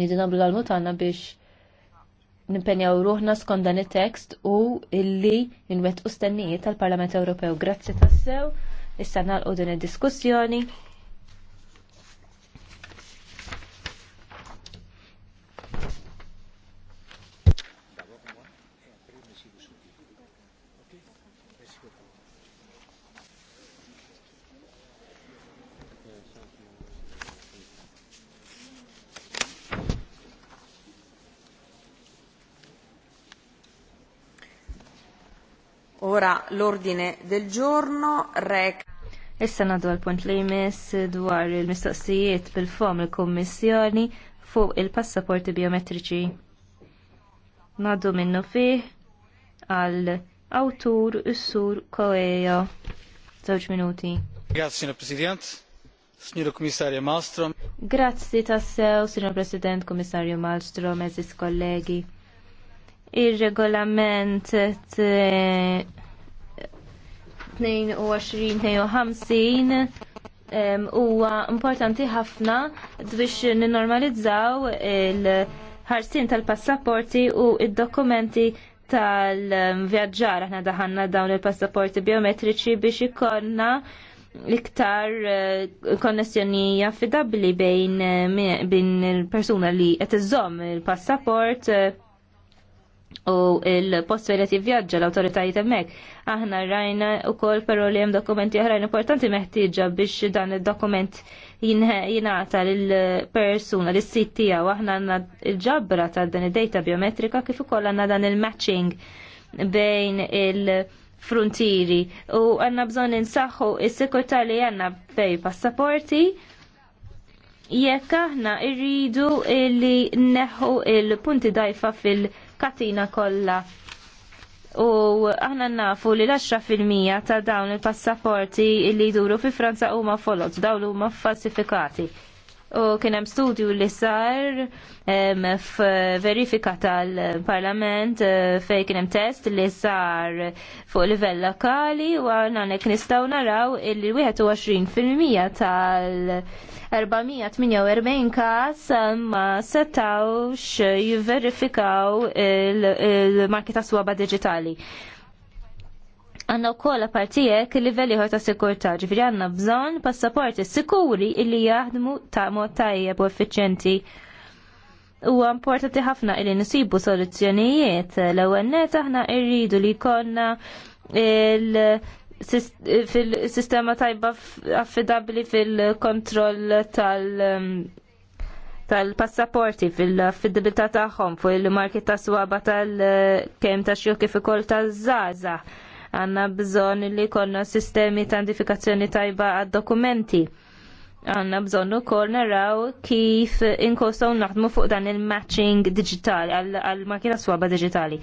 Nidu għamlu l-mutana biex nimpenjaw ruħna skont dan it-tekst u illi jinwet u stennijiet tal-Parlament Ewropew. Grazzi tassew, issa nalqu din id-diskussjoni. Ora l-ordine del giorno rec. Issa nadu għal-punt li jmiss dwar il-mistoqsijiet bil-fom il-Kommissjoni fuq il-passaporti biometriċi. Nadu minnu fih għal autur Issur Koejo. Zawġ minuti. Grazie, signor President. Signor Commissario Malmström. Grazzi tassew, signor President, Commissario Malmström, eżis kollegi. Il-regolament 22-52 huwa importanti ħafna biex ninormalizzaw il-ħarsin tal-passaporti u id-dokumenti tal vjagġar aħna daħanna dawn il-passaporti biometriċi biex ikonna iktar eh, konnessjoni affidabli eh, bejn il-persuna li qed iżomm il-passaport eh, u il-post fejlet jivvjaġġa l-autoritajiet hemmhekk. Aħna rajna wkoll però li hemm dokumenti oħrajn importanti meħtieġa biex dan id-dokument jinaħta lill-persuna lis sit tiegħu aħna għandna il ġabra ta' dan id-data biometrika kif ukoll għandna dan il-matching bejn il- frontieri u għanna bżon ninsaħħu is-sekurtà li għanna bej passaporti jekk aħna irridu li neħu il-punti dajfa fil- katina kollha. U aħna nafu li l-10% ta' dawn il-passaporti li jduru fi Franza huma folot, dawn huma falsifikati u kien hemm studju li sar f'verifika tal-Parlament eh, fejn kien hemm test li sar fuq livell lokali u nek nistgħu naraw illi 21% tal-448 każ ma setawx jivverifikaw il-marketa swaba digitali għanna u kolla partijek livelli ta' sikurta, ġifri għanna bżon passaporti sikuri illi jaħdmu ta' mod tajjeb u effiċenti. U importanti ħafna illi nisibu soluzzjonijiet l għannet aħna irridu li konna il- fil-sistema tajba affidabli fil-kontroll tal- um, tal-passaporti fil-affidabilità tagħhom fuq il-marki ta' swaba tal-kem ta' xjuki fi kol ta' zaza. Għanna bżon li konna sistemi ta' identifikazzjoni tajba għad-dokumenti. Għanna bżon u kol naraw kif inkostaw naħdmu fuq dan il-matching digitali, għal-makina swaba digitali.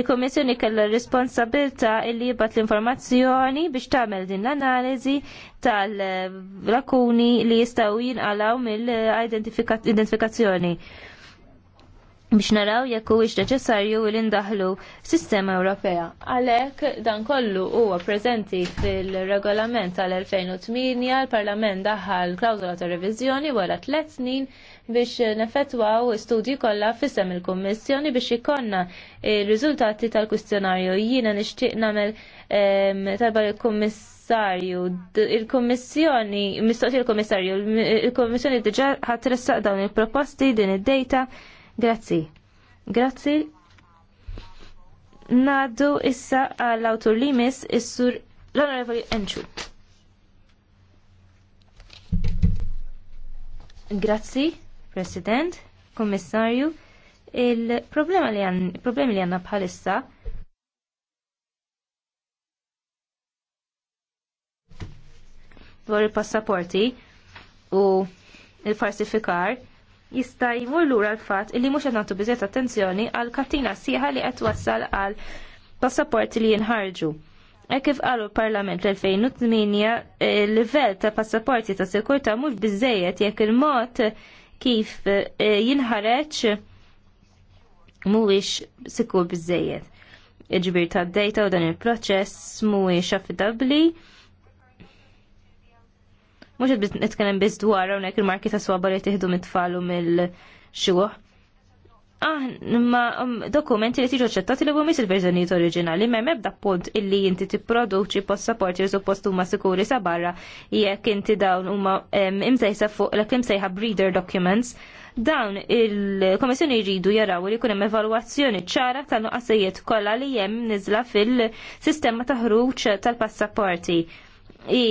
Il-Komissjoni kella responsabilta illi jibat l-informazzjoni biex tagħmel din l-analizi tal-lakuni li jistawin għalaw mill-identifikazzjoni biex naraw jekk huwiex neċessarju li ndaħlu sistema Ewropea. Għalhekk dan kollu huwa preżenti fil-regolament tal-2008 l-Parlament daħal klawżola ta' reviżjoni wara tliet snin biex neffettwaw studji kollha fissem il-Kummissjoni biex ikonna il-riżultati tal-kwistjonarju jiena nixtieq nagħmel talba l kummissjoni il-Kummissarju, il-Kummissjoni, mistoqsi il-Kummissarju, il-Kummissjoni diġa ħatressaq dawn il-proposti din id-data Grazzi. Grazzi. Naddu issa għall autor li mis is-sur l-onorevoli Enċu. Grazzi, President, Kommissarju. Il-problema li għanna, problemi li għanna bħalissa dwar il-passaporti u il-falsifikar jista' jmur lura l-fatt li mhux qed nagħtu biżiet attenzjoni għal katina sieħa li qed wassal għal passaporti li jinħarġu. Hekk kif qalu l-Parlament l-2008 il-livell eh, ta' passaporti ta' sikurtà mhux biżejjed jekk il-mod kif eh, jinħareġ mhuwiex sikur biżejjed. Iġbir tad data u dan il-proċess mhuwiex affidabbli Mhux qed nitkellem biss dwar hawnhekk il-marki ta' swaba li tieħdu mit mill xuħ Ah, ma um, dokumenti li tiġu ċettati li għumis il-verżjonijiet oriġinali, ma mebda punt illi jinti tipproduċi passaporti li suppost huma sikuri sa barra jekk inti dawn huma imsejsa fuq l-klim breeder documents. Dawn il-Komissjoni jridu jaraw li kunem evalwazzjoni ċara tal-nuqqasijiet kollha li hemm niżla fil-sistema ta' ħruġ tal-passaporti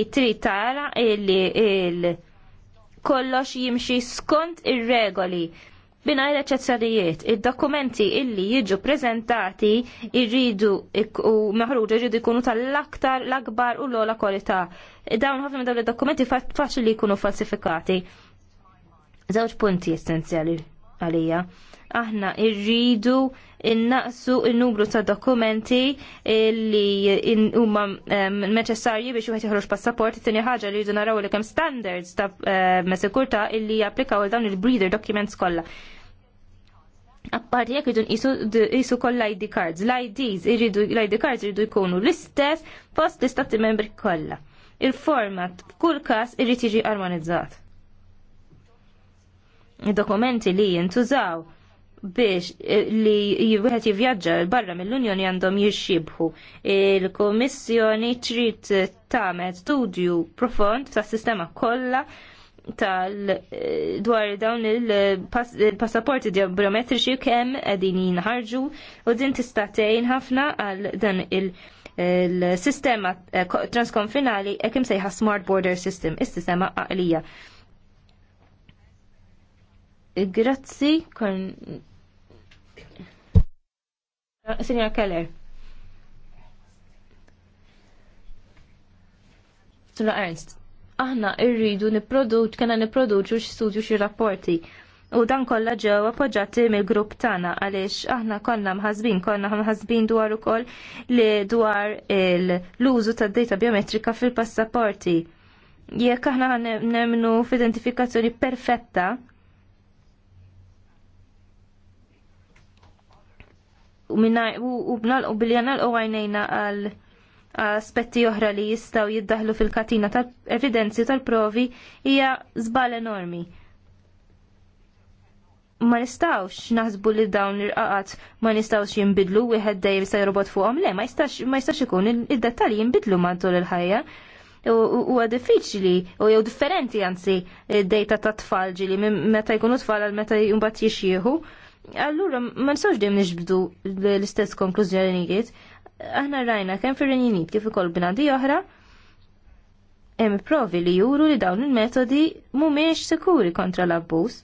trid tara illi il kollox jimxi skont ir-regoli bingħajr eċezzjonijiet. Id-dokumenti illi jiġu preżentati irridu u meħruġa jridu jkunu tal-aktar l-akbar u l-ola kwalità. Dawn ħafna dawn id-dokumenti faċli jkunu falsifikati. Żewġ punti essenzjali għalija. Aħna irridu innaqsu il-numru ta' dokumenti li huma neċessarji biex wieħed joħroġ passaport. Tieni ħaġa li jridu naraw li kemm standards ta' sikurtà illi japplikaw il dawn il-breeder documents kollha. Apparti jekk idun isu koll l-ID cards. L-IDs iridu l-ID cards iridu jkunu l-istess post l-istati membri kollha. Il-format f'kull każ irid jiġi armonizzat. i dokumenti li jintużaw biex eh, li wieħed jivvjaġġa barra mill-Unjoni għandhom jixxibħu. il komissjoni trid tagħmel studju profond tas-sistema kollha tal eh, dwar dawn il-passaporti biometriċi kemm qegħdin jinħarġu u din tista' tgħin ħafna għal dan il-sistema eh, transkonfinali hekk sejħa Smart Border System, is-sistema għaqlija. Grazzi, Signor Keller. Sra Ernst, aħna irridu niproduċ, kena niproduċu x-studju x-rapporti. U dan kolla ġew appoġġati mill-grupp tagħna għaliex aħna konna mħazbin, konna mħazbin dwar ukoll li dwar l-użu tad-data biometrika fil-passaporti. Jekk aħna nemnu f'identifikazzjoni perfetta u b'nalqu billi għajnejna għal aspetti oħra li jistaw jiddaħlu fil-katina tal-evidenzi tal-provi hija zbal enormi. Ma nistawx naħsbu li dawn l-irqaqat ma nistawx jinbidlu wieħed dejjem se jirobot fuqhom le ma jistax ikun id-dettalji jinbidlu matul il-ħajja. u Huwa diffiċli u jew differenti anzi d dejta ta' tfal ġili meta jkunu tfal għal meta jumbat jiexieħu allura ma nistgħux dejjem nġbdu l-istess konklużjonijiet. Aħna rajna kemm fir-Renjinit kif ukoll bnadi oħra hemm provi li juru li dawn il-metodi mhumiex sikuri kontra l-abbuż.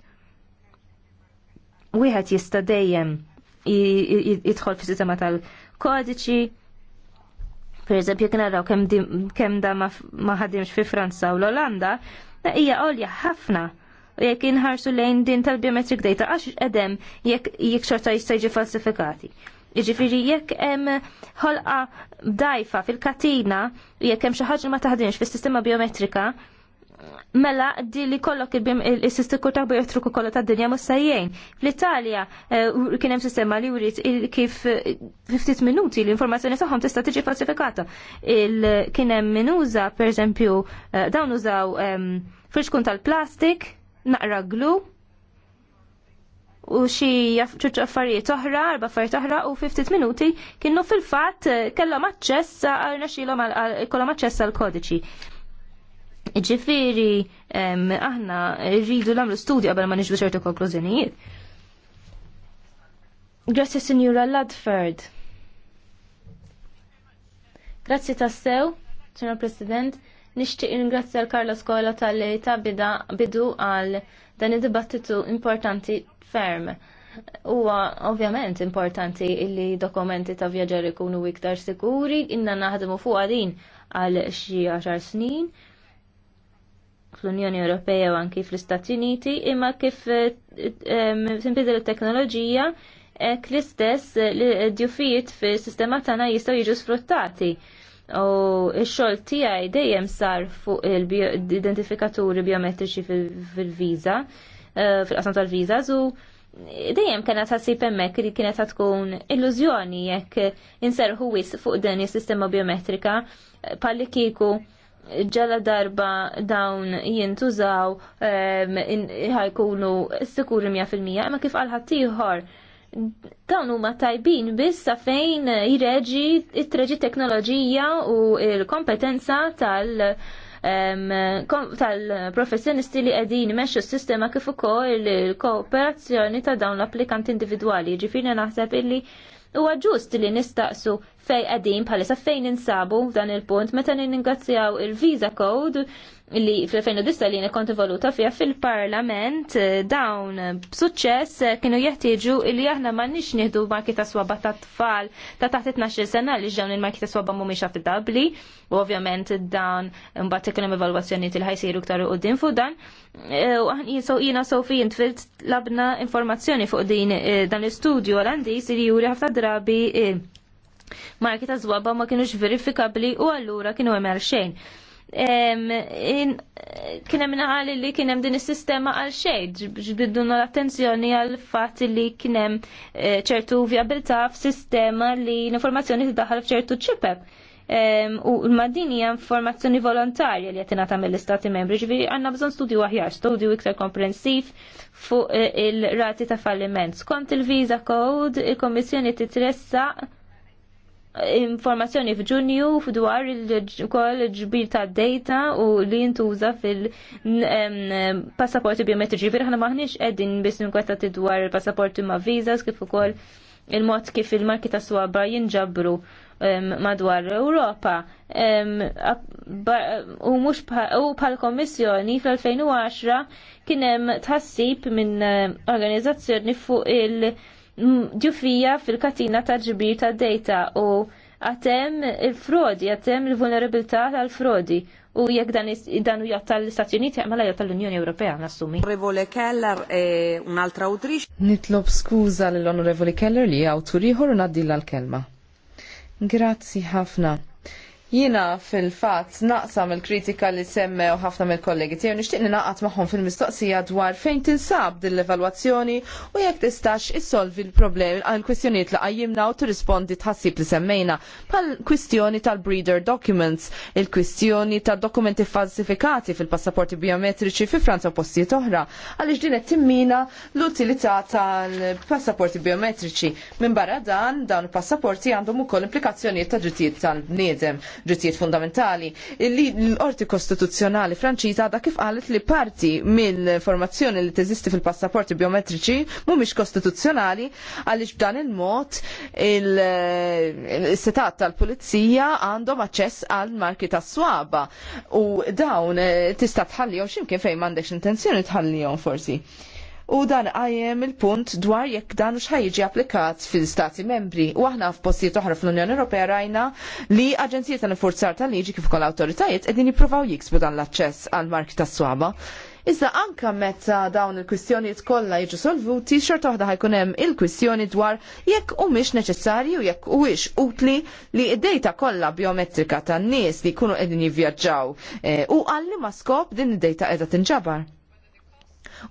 Wieħed jista' dejjem jidħol fis-sistema tal-kodiċi, per eżempju kien naraw kemm da ma ħadimx fi Franza u l-Olanda, hija għolja ħafna jekk inħarsu lejn din tal-biometric data għax edem jekk jekk xorta jista' jiġi falsifikati. Jiġifieri jekk hemm ħolqa dajfa fil-katina jekk hemm xi ħaġa ma taħdinx fis-sistema biometrika, mela di li kollok il-sistiku ta' biometriku kollu tad dinja mussajjejn. Fl-Italja eh, kien hemm sistema li wrid kif 50 minuti l-informazzjoni tagħhom tista' tiġi falsifikata. Kien hemm min uża pereżempju eh, dawn użaw ehm, firxkun tal-plastik naqra glu u xi affarijiet oħra, arba affarijiet oħra u 50 minuti kienu fil-fatt kellhom aċċess għal kollhom maċċess għal kodiċi. Ġifiri, aħna rridu nagħmlu studio għabel ma nġbu ċertu konklużjonijiet. Grazie, signora Ladford. Grazzi tassew, Signor President. Nixtieq ingrazzja l karlo Skola tal-li ta' bida bidu għal dan id-dibattitu importanti ferm. Huwa ovvjament importanti illi dokumenti ta' vjaġġar ikunu iktar sikuri, inna naħdmu fuq din għal xi għaxar snin fl-Unjoni Ewropea u anki fl-Istati Uniti, imma kif tinbidel ehm, it-teknoloġija l-istess djufijiet fis sistema tagħna jistgħu jiġu sfruttati U x-xogħol tiegħi dejjem sar fuq il-identifikaturi biometriċi fil viza eh, fil-qasam tal-viża, zu dejjem kena tħassib hemmhekk li kienet tkun illużjoni jekk inser wis fuq din is-sistema biometrika eh, palli kiku ġala darba dawn jintużaw eh, ħajkunu sikuri 100% imma kif għalħat ħaddieħor dawn huma tajbin biss sa fejn jireġi it-treġi teknoloġija u l-kompetenza tal- tal-professjonisti li qegħdin imexxu s-sistema kif ukoll il-kooperazzjoni ta' dawn l-applikanti individwali. Ġifieri naħseb illi huwa ġust li nistaqsu fej qegħdin bħalissa fejn insabu f'dan il-punt meta ningazzjaw il-Visa Code li fl 2010 li konti voluta fija fil-parlament dawn b'suċċess kienu jeħtieġu li aħna m'għandniex nieħdu marki ta' swaba ta' tfal ta' taħt 12 sena li ġew il-marki ta' swaba mhumiex affidabbli u ovvjament dan mbagħad ikun hemm evalwazzjoni til ħajsiru u qudiem fuq dan. U jisow jina Sofi jintfilt labna informazzjoni fuq din eh, dan l-istudju għal-għandis li juri ħafna drabi eh, marki ta' zwaba ma kienux verifikabli u allura kienu hemm għal xejn. Kien hemm naħali li kien hemm din is-sistema għal xejn, ġbidduna l-attenzjoni għal fatt li kien hemm eh, ċertu vjabilità f'sistema li l-informazzjoni tiddaħħal f'ċertu ċipeb. U l-maddini hija informazzjoni volontarja li qed ingħata mill-Istati Membri, ġifieri għandna bżonn studju aħjar, studju iktar komprensiv fuq eh, il-rati ta' falliment. Skont il-Visa Code, il-Kommissjoni titressaq informazzjoni f'Ġunju f'dwar il-koll ġbir ta' data u li jintuża fil-passaporti biometriċi. Fir ħana maħniex qegħdin biss t dwar il-passaporti ma' vizas kif ukoll il-mod kif il-marki ta' swabra jinġabru madwar Ewropa. U mhux bħal kommissjoni fl-2010 kien hemm tħassib minn eh, organizzazzjoni fuq il- ġufija fil-katina ta' ġbir ta' data u għatem il-frodi, għatem il-vulnerabilità tal-frodi u jekk dan, u jatta l-Stati Uniti ma la l-Unjoni Ewropea nassumi. Onorevole Keller e un'altra autrice. Nitlob skuza l-Onorevoli Keller li għawturiħor u naddilla l-kelma. Grazzi ħafna. Jina fil-fat naqsam il-kritika li semmew ħafna mill-kollegi tiegħu nixtieq naqgħad magħhom fil-mistoqsija dwar fejn tinsab din l-evalwazzjoni u jekk tistax issolvi l-problemi għal kwistjonijiet li qajjimna u tirrispondi tħassib li semmejna bħal kwistjoni tal-breeder documents, il-kwistjoni ta' dokumenti falsifikati fil-passaporti biometriċi fi Franza u postijiet oħra għaliex din qed timmina l-utilità tal-passaporti biometriċi. Minn barra dan, dawn il-passaporti għandhom ukoll implikazzjonijiet ta' drittijiet tal-bniedem drittijiet fundamentali. L-Orti Kostituzzjonali Franċiża għadha kif qalet li parti mill-informazzjoni li teżisti fil-passaporti biometriċi mhumiex kostituzzjonali għaliex b'dan il-mod il-setat tal-pulizija għandhom aċċess għal marki ta' swaba u dawn eh, tista' tħallihom x'imkien fejn m'għandekx intenzjoni tħallihom forsi u dan għajem il-punt dwar jekk dan ux ħajġi applikat fil-stati membri. U aħna f'postijiet oħra fl-Unjoni Ewropea rajna li aġenzijiet tal forzar tal-liġi kif kol autoritajiet edin jiprofaw jiksbu dan l-aċċess għal marki tas swaba. Iżda anka meta dawn il-kwistjonijiet kollha jiġu solvuti, xorta waħda ħajkun hemm il-kwistjoni dwar jekk humiex neċessarju jekk huwiex utli li id-dejta kollha biometrika tan-nies li jkunu qegħdin jivvjaġġaw eh, u għalli ma skop din id-dejta qiegħda tinġabar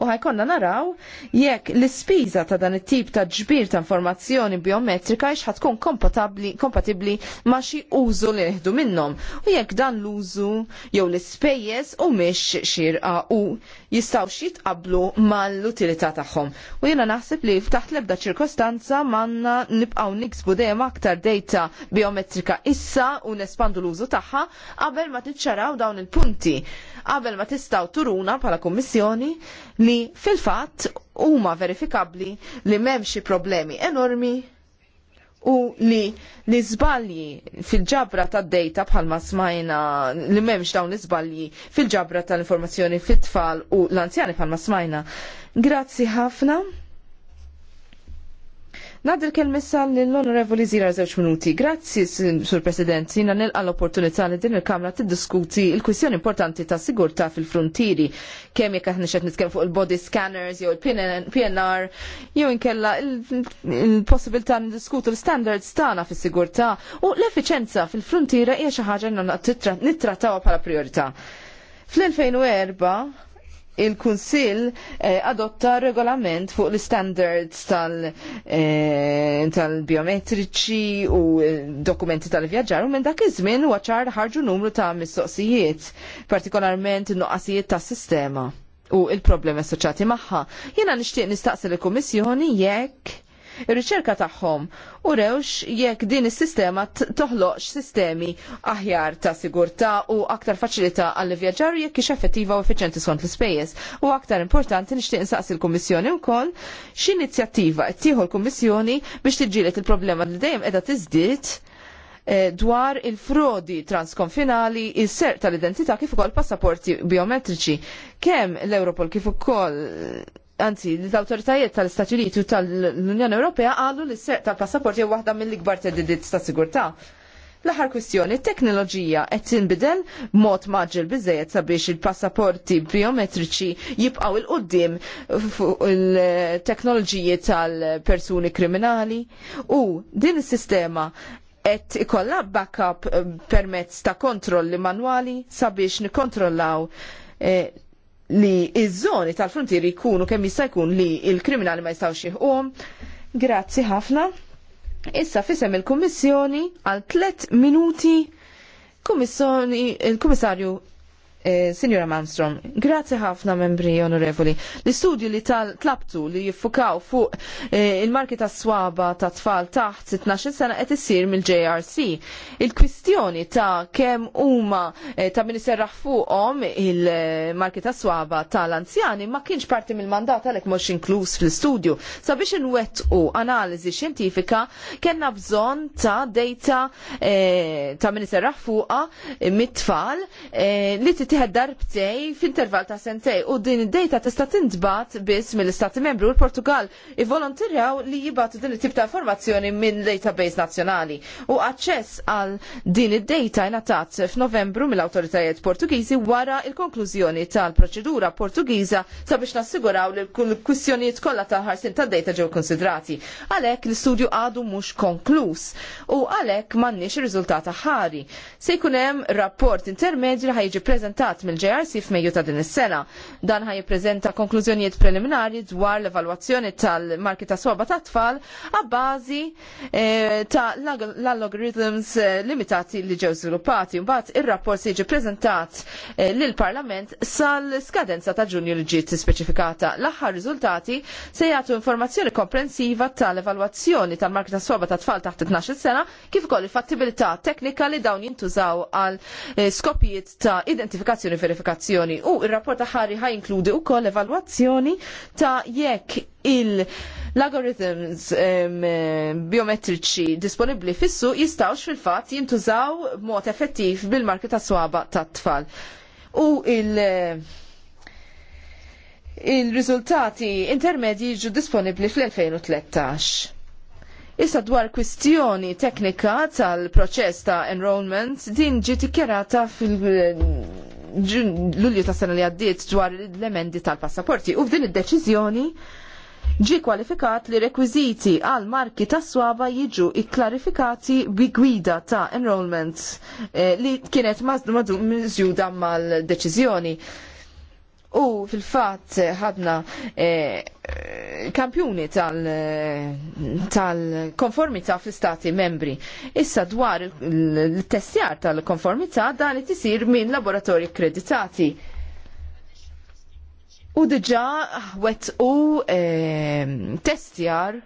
u ħajkonna naraw jekk l-ispiża ta' dan it-tip ta' ġbir ta' informazzjoni biometrika x ħatkun kompatibbli ma' xi użu li neħdu minnhom u jekk dan l-użu jew l-ispejjeż u mhix xirqa u jistgħu jitqablu mal-utilità tagħhom. U jiena naħseb li ftaħt l-ebda ċirkostanza manna nibqgħu niksbu dejjem aktar data biometrika issa u nespandu l-użu tagħha qabel ma tiċċaraw dawn il-punti qabel ma tistaw turuna bħala kummissjoni li fil-fatt huma verifikabbli li m'hemm xi problemi enormi u li l iżbalji fil-ġabra tad data bħalma smajna li m'hemmx dawn l iżbalji fil-ġabra tal-informazzjoni fit-tfal u l-anzjani bħalma smajna. Grazzi ħafna. Nadir kelmissa l-Onorevoli Zira żewġ minuti. Grazzi, Sur President, jina nilqa l-opportunità li din il-Kamra tiddiskuti il-kwistjoni importanti ta' sigurta fil-frontieri. Kemm jekk aħna xed nitkellem fuq il-body scanners jew il-PNR, jew inkella il-possibilità niddiskutu l-standards tagħna fis-sigurtà u l-effiċenza fil-frontiera hija xi ħaġa nittrattawha bħala priorità. Fl-2004 il-Kunsill eh, adotta regolament fuq l-standards eh, tal-biometriċi eh, tal u dokumenti tal-vjaġġar u minn dak iż-żmien waċar ħarġu numru ta' mistoqsijiet, partikolarment nuqqasijiet ta' sistema u il-problemi assoċjati magħha. Jiena nixtieq nistaqsi l-Kummissjoni jekk ir-riċerka tagħhom u rewx jekk din is-sistema toħloqx sistemi aħjar ta' sigurtà u aktar faċilità għall vjaġġar jekk kienx effettiva u effiċjenti skont l-ispejjeż. U aktar importanti nixtieq insaqsi l-Kummissjoni wkoll x'inizjattiva qed tieħu l-Kummissjoni biex tiġġieled il-problema li dejjem qiegħda tiżdied eh, dwar il-frodi transkonfinali, il-serq tal-identità kif ukoll passaporti biometriċi. Kemm l-Europol kif ukoll anzi, l-autoritajiet tal-Stati Uniti u tal-Unjoni Ewropea għalu li s-serq tal-passaporti jew waħda mill-ikbar teddidiet ta' sigurtà. L-aħħar kwistjoni, teknoloġija qed tinbidel mod maġġel biżejjed sabiex il-passaporti biometriċi jibqgħu il qudiem il-teknoloġiji tal-persuni kriminali u din is-sistema qed ikollha backup permezz ta' kontrolli manwali sabiex nikkontrollaw eh, li iż-żoni tal-frontieri jkunu kemm jista' jkun li l-kriminali ma jistgħux jieħquhom. Grazzi ħafna. Issa fisem il-Kummissjoni għal tliet minuti Kummissjoni il-Kummissarju Eh, Signora Malmstrom, grazie ħafna membri onorevoli. L-istudju li tal tlabtu li jiffukaw fuq eh, il-marki ta' swaba ta' tfal taħt 12 sena qed issir mill-JRC. Il-kwistjoni ta' kemm huma eh, ta' min iserraħ fuqhom il-marki ta' swaba tal-anzjani ma kienx parti mill-mandat għalhekk mhux inkluż fl-istudju. Sabiex inwettqu analiżi xjentifika kellna bżonn ta' data ta' min iserraħ fuqha mit-tfal li tittieħed darbtej f'intervall ta' sentej u din id-dejta tista' tintbagħat biss mill-Istati Membru u l-Portugal ivolontirjaw li jibgħatu din it-tip ta' informazzjoni minn database nazzjonali. U aċċess għal din id-dejta jnatat f'Novembru mill-awtoritajiet Portugiżi wara il-konklużjoni tal-proċedura Portugiża sabiex nassiguraw li kull kwistjonijiet kollha tal-ħarsin tad-dejta ġew konsidrati. Għalhekk l-istudju għadu mhux konkluż u għalhekk m'għandniex ir-riżultata ħari. Se jkun hemm rapport intermedju li ħajġi preżentat adottat mill-JRC f'Mejju ta' din is-sena. Dan ħaj jippreżenta konklużjonijiet preliminari dwar l-evalwazzjoni tal-marki ta' soba ta' tfal għabbażi e, ta' l-algorithms eh, limitati li ġew żviluppati. Mbagħad ir-rapport se jiġi preżentat eh, lill-Parlament sal-skadenza ta' Ġunju li ġiet speċifikata. L-aħħar riżultati se jagħtu informazzjoni komprensiva tal-evalwazzjoni tal-marki ta' soba ta' tfal taħt 12 sena kif ukoll il-fattibilità teknika li dawn jintużaw għal skopijiet ta' identifikazzjoni verifikazzjoni verifikazzjoni u il-rapport ta' ħari ħaj inkludi u koll evalwazzjoni ta' jekk il- algorithms um, biometriċi disponibli fissu jistawx fil-fat jintużaw mod effettiv bil-marki ta' swaba ta' tfal. U il- il-riżultati intermedji jiġu disponibli fl-2013. Issa dwar kwistjoni teknika tal-proċess ta' enrollment din ġiet dikjarata fil lulju ta' sena li għaddiet dwar l-emendi tal-passaporti u f'din id-deċiżjoni ġi kwalifikat li rekwiziti għal marki ta' swaba jiġu ikklarifikati bi gwida ta' enrollment eh, li kienet mażjuda mal-deċiżjoni. U fil-fat ħadna eh, kampjuni tal-konformità tal konformità fl istati membri. Issa dwar il-testjar tal-konformità dan li tisir minn laboratorji kreditati. U diġa wet u eh, testjar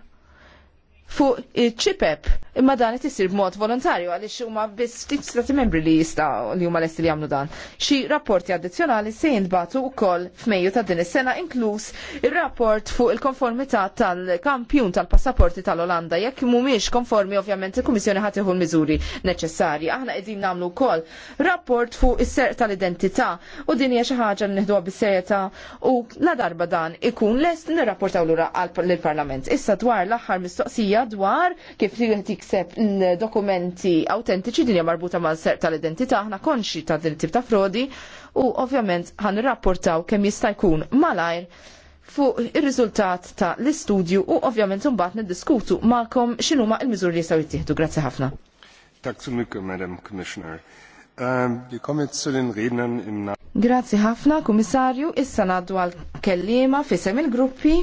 fuq ċipep imma dan qed isir b'mod volontarju għaliex huma biss ftit stati membri li jistgħu li huma lesti li jagħmlu dan. Xi rapporti addizzjonali se jinbagħtu wkoll f'Mejju ta' din is-sena inkluż ir-rapport fuq il-konformità tal-kampjun tal-passaporti tal-Olanda jekk mhumiex konformi ovvjament il-Kummissjoni ħadd tieħu l-miżuri neċessarji. Aħna qegħdin nagħmlu wkoll rapport fuq is-serq tal-identità u din hija xi ħaġa li nieħduha bis-serjetà u la darba dan ikun lest nirrapportaw lura għall parlament Issa dwar l-aħħar mistoqsija mistoqsija dwar kif tikseb dokumenti autentiċi dinja marbuta mal ser tal-identità aħna konxi ta' din tip ta' frodi u ovvjament ħan rapportaw kemm jista' jkun malajr fuq ir-riżultat ta' l-istudju u ovvjament imbagħad niddiskutu magħkom x'inhuma l-miżuri li jistgħu jittieħdu. Grazzi ħafna. Tak Madam Commissioner. Ähm, Grazzi ħafna, Kummissarju, issa ngħaddu għal kellima fisem il-gruppi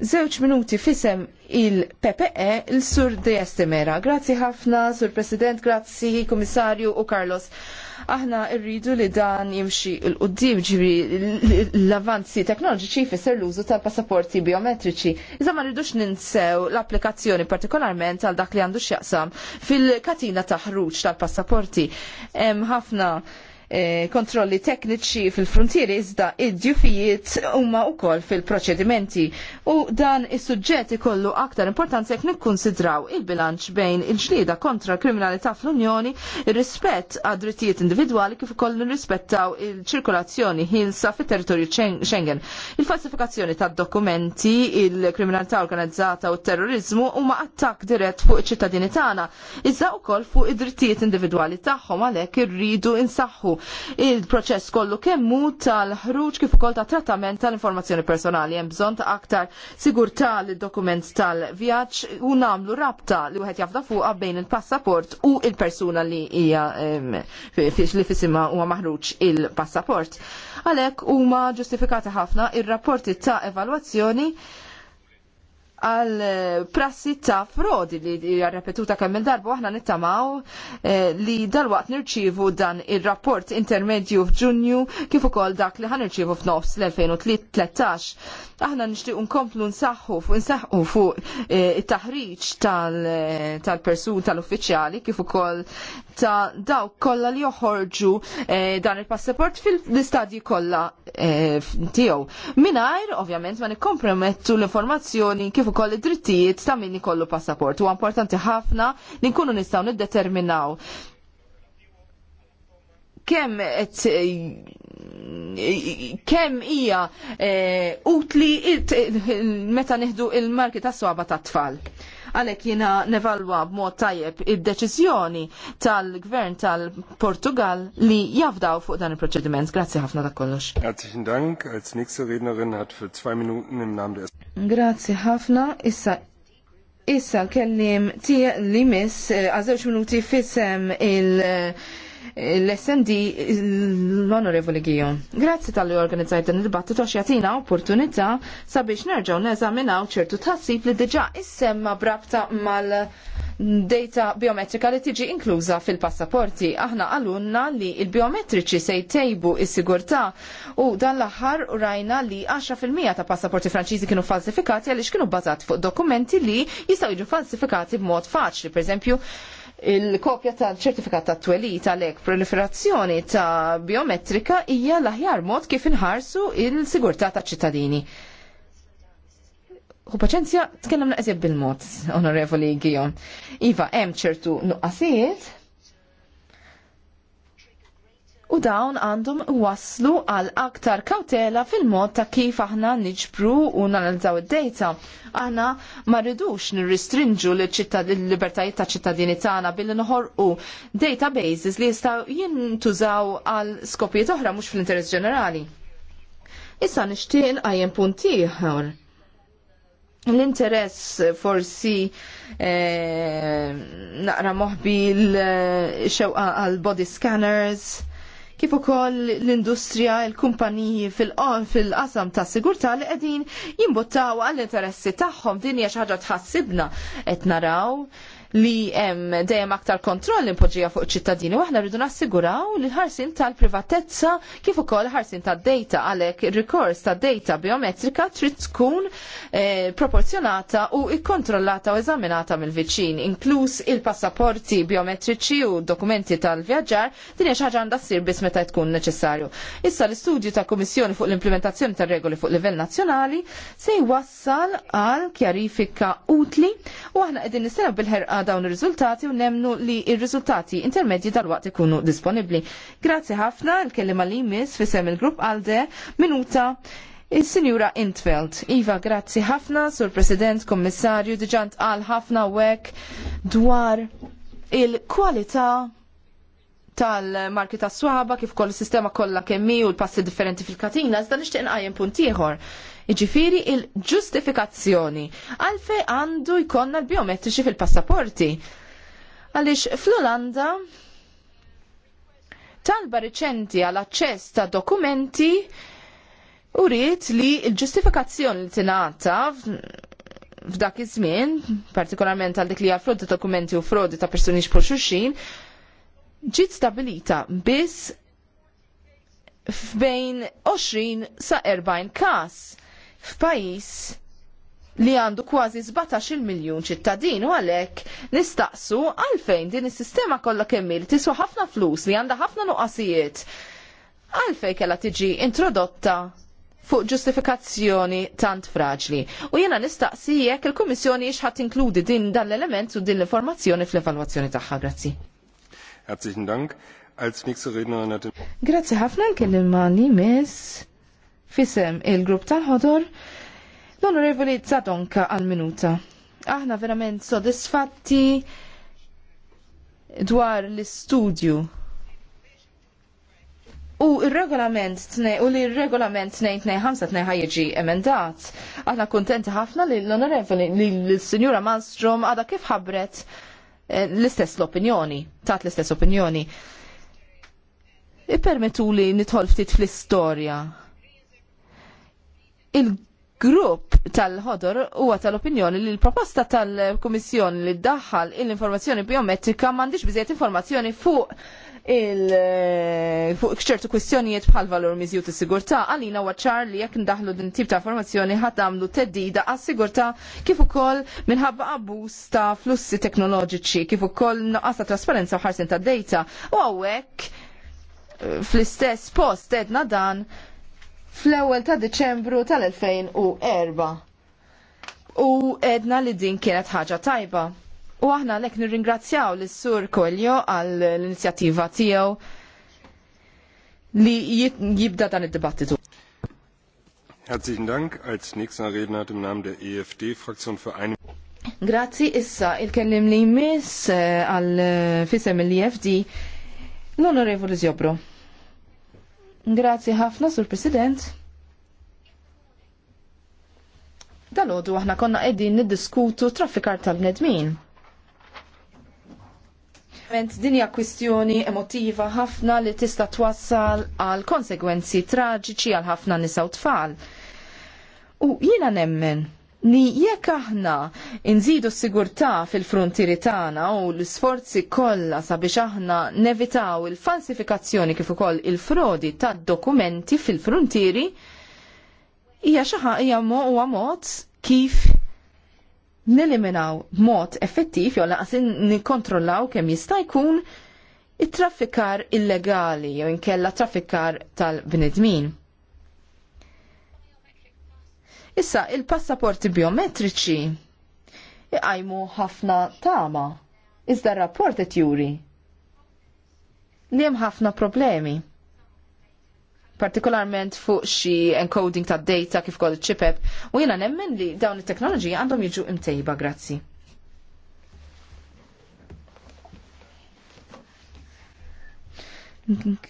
Żewġ minuti fisem il-PPE l sur De Estemera. Grazzi ħafna, Sur President, grazzi Komissarju u Carlos. Aħna rridu li dan jimxi l-qoddim ġiri l-avanzi teknoloġiċi fisser l-użu tal-passaporti biometriċi. Iżda ma rridux ninsew l-applikazzjoni partikolarment għal dak li għandu xjaqsam fil-katina taħruċ tal-passaporti. Hemm ħafna Eh, kontrolli tekniċi fil-frontieri iżda id-djufijiet huma wkoll fil-proċedimenti. U dan is-suġġett ikollu aktar importanza jekk nikkunsidraw il-bilanċ bejn il-ġlieda kontra l-kriminalità fl-Unjoni, rispett għad drittijiet individwali kif ukoll nirrispettaw il-ċirkolazzjoni ħilsa fit-territorju Schengen. Il-falsifikazzjoni tad dokumenti, il-kriminalità organizzata u terrorizmu huma attakk dirett fuq iċ-ċittadini tagħna, iżda wkoll fuq id-drittijiet individwali tagħhom għalhekk irridu insaħħu il-proċess kollu kemmu tal-ħruġ kif ukoll ta' trattament tal-informazzjoni personali. Hemm bżonn ta' aktar sigurtà lid dokument tal-vjaġġ u nagħmlu rabta li wieħed jafda fuqha bejn il-passaport u il-persuna li hija li fisimha huwa maħruġ il-passaport. Għalhekk huma ġustifikati ħafna ir-rapporti ta' evalwazzjoni għal eh, prassi ta' frodi li repetuta kemm il-darba aħna nittamaw eh, li dal-waqt nirċivu dan il-rapport intermedju f'Ġunju kif ukoll dak li ħanirċivu f'nofs l-2013. Aħna nixtieq nkomplu nsaħħu fuq nsaħħu fuq eh, it-taħriġ tal-persun tal-uffiċjali kif ukoll ta' dawk kollha li joħorġu dan il-passaport fil-istadji kollha tiegħu. Mingħajr ovvjament ma nikkompromettu l-informazzjoni kif ukoll id-drittijiet ta' min ikollu passaport. Huwa importanti ħafna li nkunu nistgħu niddeterminaw kemm qed kemm hija eh, utli meta neħdu il-marki tas-swaba tat-tfal. Għalhekk jiena nevalwa b'mod tajjeb id-deċiżjoni tal-Gvern tal-Portugal li jafdaw fuq dan il-proċediment. Grazzi ħafna dak kollox. Herzlichen Dank. Als nächste Rednerin hat für zwei Minuten im Namen der Grazzi ħafna. Issa Issa kellim ti li miss eh, għażewġ minuti fissem il- l-SND l-Onorevoli Gijon. Grazzi tal-li organizzajt din il battu għax jatina opportunità sabiex nerġaw neżaminaw ċertu tassib li diġa issemma brabta mal- data biometrika li tiġi inkluża fil-passaporti. Aħna għalunna li il-biometriċi se jtejbu is-sigurtà u dan l-aħħar rajna li 10% ta' passaporti franċiżi kienu falsifikati għaliex kienu bbażati fuq dokumenti li jistgħu jiġu falsifikati b'mod faċli, pereżempju il-kopja tal ċertifikat ta' tal għalhekk proliferazzjoni ta' biometrika hija l-aħjar mod kif inħarsu il-sigurtà ta' ċittadini. U paċenzja tkellem naqseb bil-mod, onorevoli Gijon. Iva, hemm ċertu nuqqasijiet u dawn għandhom waslu għal aktar kautela fil-mod ta' kif aħna niġbru u nanalizzaw id-data. Aħna ma rridux nirristrinġu l-libertajiet ta' ċittadini tagħna billi noħorqu databases li jistgħu jintużaw għal skopijiet oħra mhux fl-interess ġenerali. Issa nixtieq għajjem punt ieħor l-interess forsi eh, naqra moħħbi l-xewqa eh, għal body scanners kif ukoll l-industrija, l-kumpaniji fil-qasam ta' sigurtà li qegħdin jimbuttaw għall-interessi tagħhom din hija xi ħaġa tħassibna qed naraw li hemm dejjem aktar kontroll impoġġija fuq ċittadini u aħna rridu nassiguraw li l-ħarsin tal-privatezza kif ukoll ħarsin tad-data għalhekk ir-rikors tad-data biometrika trid tkun eh, proporzjonata u ikkontrollata u eżaminata mill-viċin, inkluż il-passaporti biometriċi u dokumenti tal-vjaġġar din hija xi ħaġa għandha ssir biss meta tkun neċessarju. Issa l-istudju ta' Kummissjoni fuq l-implementazzjoni tar-regoli fuq livell nazzjonali se jwassal għal kjarifika utli u aħna qegħdin nistennew bil-ħerqa dawn ir-riżultati u nemnu li ir-riżultati intermedji dal-waqt ikunu disponibbli. Grazzi ħafna l-kellim li jmiss fisem il-grupp għalde minuta Il-Sinjura Intfeld, Iva, grazzi ħafna, Sur President, Kommissarju, diġant għal ħafna wek dwar il-kwalità tal-marki ta' swaba kif kol sistema kollha kemmi u l-passi differenti fil-katina, iżda nixtieq nqajjem punt ieħor. Iġifiri il-ġustifikazzjoni għalfej għandu jkonna l-biometriċi fil-passaporti. Għalix fl-Olanda talba riċenti għal aċċess ta' dokumenti uriet li l-ġustifikazzjoni li tingħata f'dak iż-żmien, partikolarment għal dik li għal frodi dokumenti u frodi ta' persuni xpurxuxin, ġiet stabilita biss f'bejn 20 sa 40 każ f'pajjiż li għandu kważi 17 miljun ċittadin u għalhekk nistaqsu għalfejn din is-sistema kollha kemm il tiswa ħafna flus li għandha ħafna nuqqasijiet għalfejn kellha tiġi introdotta fuq ġustifikazzjoni tant fraġli. U jena nistaqsi jekk il-Kummissjoni xħat inkludi din dan l-element u din l-informazzjoni fl-evalwazzjoni tagħha. Grazzi. Herzlichen Dank. Als nächste Rednerin hat Grazie ħafna l-kellimani miss Fisem il-grupp tal-ħodor l-onorevoli Zadonka għal-minuta. Aħna verament sodisfatti dwar l-istudju U il-regolament u li il-regolament tnej ħajġi emendat. Aħna kontenti ħafna li l-onorevoli li l-Sinjura Malmstrom għada kif ħabret eh, l-istess l-opinjoni, tat l-istess opinjoni. Ipermetu li nidħol ftit fl-istorja Il-grupp tal-ħodor huwa tal-opinjoni li l-proposta tal-Kummissjoni li ddaħħal l-informazzjoni biometrika m'għandix biżejjed informazzjoni fuq il fuq ċertu kwistjonijiet bħal valur miżju is sigurtà għalina waċċar li jekk ndaħlu din tip ta' informazzjoni ħadd għamlu teddida għas sigurtà kif ukoll minħabba abbuż ta' flussi teknoloġiċi kif ukoll noqqas ta' trasparenza u ħarsin ta' data u hawnhekk eh, fl-istess post edna dan fl-ewwel ta' Diċembru tal-2004. U edna li din kienet ħaġa tajba. U aħna lek nirringrazzjaw lis sur Koljo għall l-inizjattiva tiegħu li jibda dan id-dibattitu. Herzlichen Dank. Als nächster Redner im Namen der EFD-Fraktion für eine. Grazzi issa il-kellim li jmiss eh, għal eh, fisem l-EFD l-Onorevoli Ziobro. Grazzi ħafna, Sur President. Dal-ħodu aħna konna qegħdin niddiskutu traffikar tal-bnedmin. Din hija kwistjoni emotiva ħafna li tista' twassal għal konsegwenzi traġiċi għal ħafna nisa u tfal. U jiena nemmen li jekk aħna nżidu s-sigurtà fil-frontieri tagħna u l-isforzi kollha sabiex aħna nevitaw il-falsifikazzjoni kif ukoll il-frodi tad-dokumenti fil-frontieri hija xi hija huwa mod kif neliminaw mod effettiv jew laqas nikkontrollaw kemm jista' jkun it-traffikar illegali jew inkella traffikar tal-bnedmin. Issa, il-passaporti biometriċi iqajmu ħafna tama. Iżda rapport qed juri li hemm ħafna problemi. Partikolarment fuq xi encoding ta' data kif kol ċipeb u jiena nemmen li dawn it-teknoloġiji għandhom jiġu imtejba grazzi.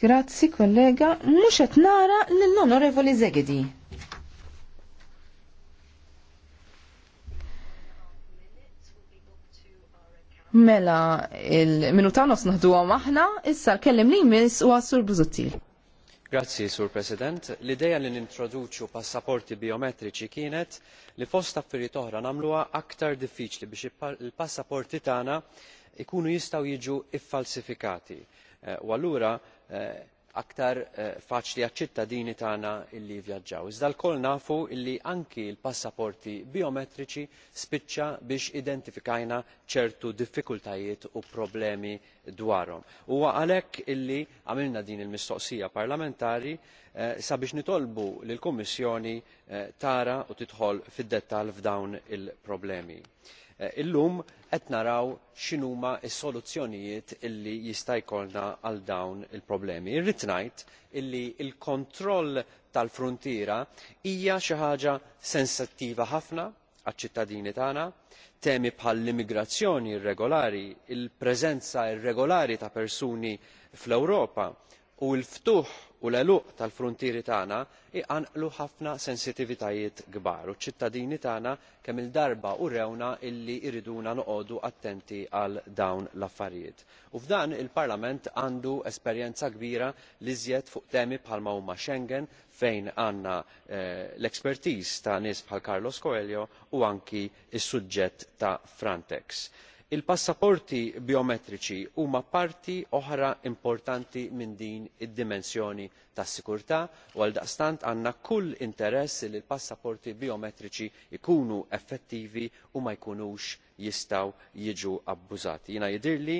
Grazzi kollega, mhux qed nara lill-onorevoli Zegedi. Mela, il ta' nos naħdu aħna, issa kellim li mis u għassur Buzuttil. Grazzi, Sur President. L-ideja li nintroduċu passaporti biometriċi kienet li fost affarijiet oħra nagħmluha aktar diffiċli biex il-passaporti tagħna ikunu jistgħu jiġu iffalsifikati. Eh, u allura eh, aktar eh, faċli għaċ-ċittadini tagħna li jivvjaġġaw. Iżda lkoll nafu li anki l-passaporti biometriċi spiċċa biex identifikajna ċertu diffikultajiet u problemi dwarhom. Huwa għalhekk illi għamilna din il-mistoqsija parlamentari eh, sabiex nitolbu lill-Kummissjoni eh, tara u tidħol fid-dettall f'dawn il-problemi. Eh, illum qed naraw x'inhuma s-soluzzjonijiet illi jista' jkollna għal dawn il-problemi. Irrid ngħid illi l kontroll tal-fruntiera hija xi ħaġa sensittiva ħafna għaċ-ċittadini tagħna temi bħal l-immigrazzjoni irregolari il preżenza irregolari ta' persuni fl ewropa u l ftuħ u l-għeluq tal frontieri tagħna iqanqlu ħafna sensittivitajiet kbar u ċ-ċittadini tagħna kemm il darba u rewna illi jriduna noqogħdu attenti għal dawn l-affarijiet. u f'dan il parlament għandu esperjenza kbira li żjed fuq temi bħalma huma schengen fejn għandna eh, l-expertise ta' nies bħal carlos coelho u anki s-suġġett ta' frontex il passaporti biometriċi huma parti oħra importanti minn din id dimensjoni tas-sigurtà u għaldaqstant għandna kull interess li l passaporti biometriċi jkunu effettivi u ma jkunux jistgħu jiġu abbużati. jiena jidhirli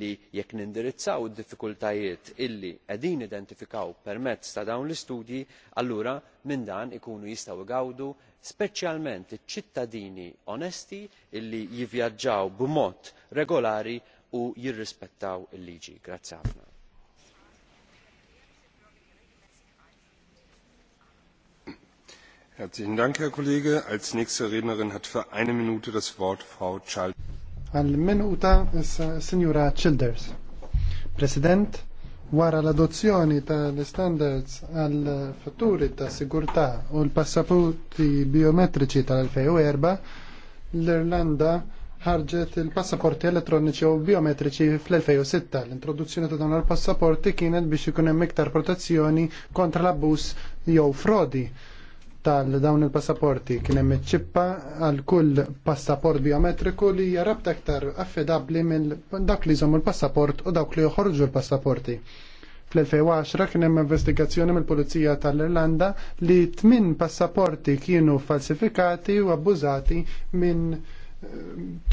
li jekk nindirizzaw id-diffikultajiet illi qegħdin identifikaw permezz ta' dawn l istudji allura minn dan ikunu jistgħu jgawdu speċjalment iċ-ċittadini onesti illi jivvjaġġaw b'mod regolari u jirrispettaw il-liġi. Grazzi ħafna. Herzlichen Dank, Herr Kollege. Als nächste Rednerin hat für eine Minute das Wort Frau Childers. Al-minuta, Signora Childers. Wara l-adozzjoni tal-standards għal fatturi ta' sigurtà u l-passaporti biometriċi tal-2004, l-Irlanda ħarġet il-passaporti elettroniċi u biometriċi fl-2006. L-introduzzjoni ta' dawn il-passaporti kienet biex ikun hemm iktar protezzjoni kontra l-abbuż jew frodi tal-dawn il-passaporti kien hemm iċċippa għal kull passaport biometriku li hija aktar affidabbli mill dak li jżommu l-passaport u dawk li joħorġu l-passaporti. Fl-2010 kien hemm investigazzjoni mill-Pulizija tal-Irlanda li tmin passaporti kienu falsifikati u abbużati minn eh,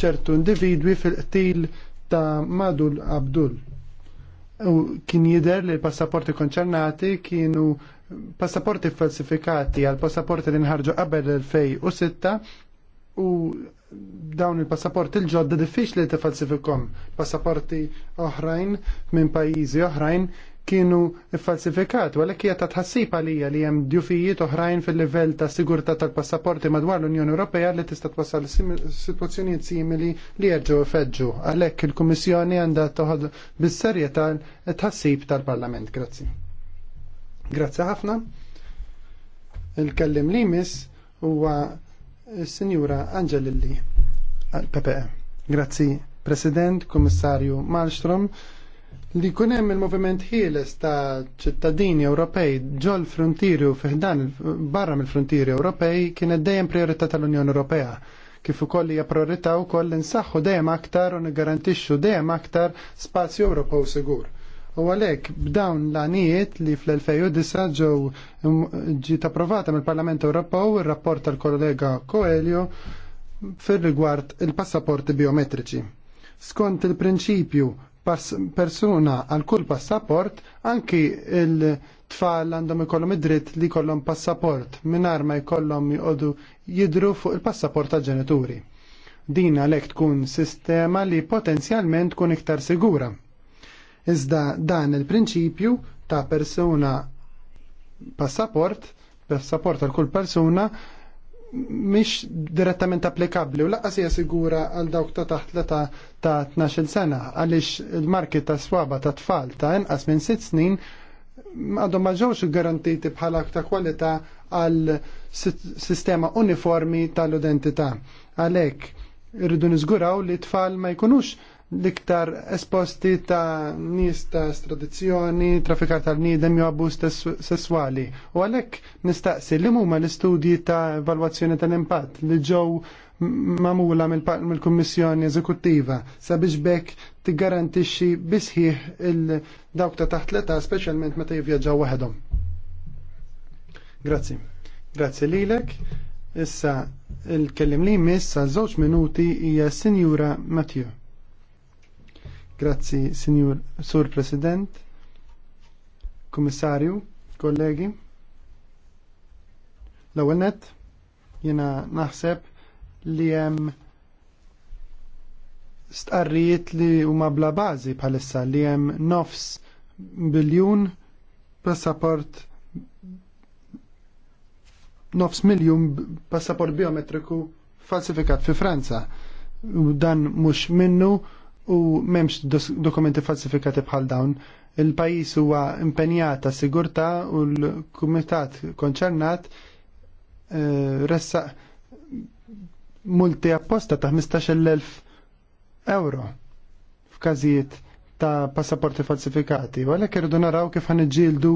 ċertu individwi fil-qtil ta' Madul Abdul. U kien jidher li l-passaporti konċernati kienu passaporti falsifikati għal passaporti li nħarġu qabel 2006 u dawn il-passaporti l-ġodda diffiċli tifalsifikom Passaporti oħrajn minn pajjiżi oħrajn kienu falsifikati, għalek hija ta' tħassib għalija li hemm djufijiet oħrajn fil-livell ta' sigurtà tal-passaporti madwar l-Unjoni Ewropea li tista' twassal sitwazzjonijiet simili li jerġgħu ifeġġu. Għalhekk il-Kummissjoni għandha toħod bis-serjetà tħassib tal-Parlament. Grazzi. Grazzi ħafna. Il-kellim li miss huwa s-Sinjura Angelilli, PPE. Grazzi, President, Kommissarju Malmström li kunem il-moviment ħieles ta' ċittadini Ewropej ġol frontieri u fiħdan barra mill frontieri Ewropej kienet dejjem priorità tal-Unjoni Ewropea kif ukoll hija priorità wkoll insaħħu dejjem aktar u niggarantixxu dejjem aktar spazju Ewropew sigur. U għalek, b'dawn l-għanijiet li fl-2009 ġew ġiet approvata mill-Parlament Ewropew ir-rapport tal-kollega Coelho fir rigward il-passaporti biometriċi. Skont il-prinċipju persuna għal kull passaport, anki il-tfal għandhom ikollhom id-dritt li jkollhom passaport mingħajr ma jkollhom jqogħdu jidru fuq il-passaport ta' ġenituri. Din għalhekk tkun sistema li potenzjalment tkun iktar sigura Iżda dan il-prinċipju ta' persuna passaport, passaport għal kull persuna, mish direttament applikabli u laqqas hija sigura għal dawk ta' taħt leta ta' 12 sena għaliex il-marki ta' swaba ta' tfal ta' inqas minn 6 snin għadhom ma ġewx garantiti bħala ta' kwalità għal sistema uniformi tal-identità. Għalhekk irridu niżguraw li tfal ma jkunux l-iktar esposti ta' nis ta' tradizjoni, trafikar tal-nidem jew abbuż sessuali. U għalhekk nistaqsi li huma l-istudji ta' evalwazzjoni tal-impatt li ġew mamula mill-Kummissjoni Eżekuttiva sabiex bekk tiggarantixxi bisħieħ il-dawk ta' taħt l-età speċjalment meta jivvjaġġaw waħedhom. Grazzi. Grazzi lilek. Issa il-kellim li jmiss sa' żewġ minuti hija Sinjura Mathieu. Grazzi, Signor Sur President, Kommissarju, kollegi. L-ewwel net, jiena naħseb li hemm stqarrijiet li huma bla bażi bħalissa li hemm nofs biljun passaport nofs miljun passaport biometriku falsifikat fi Franza. U dan mhux minnu u memx dokumenti falsifikati bħal dawn. Il-pajis huwa impenjata sigurta u l-kumitat konċernat eh, ressa multi apposta ta' 15.000 euro f'każijiet ta' passaporti falsifikati. Għalek irridu naraw kif għan iġildu